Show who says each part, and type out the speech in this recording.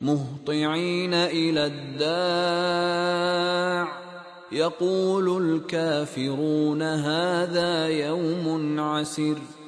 Speaker 1: مهطعين إلى الداع يقول الكافرون هذا يوم عسر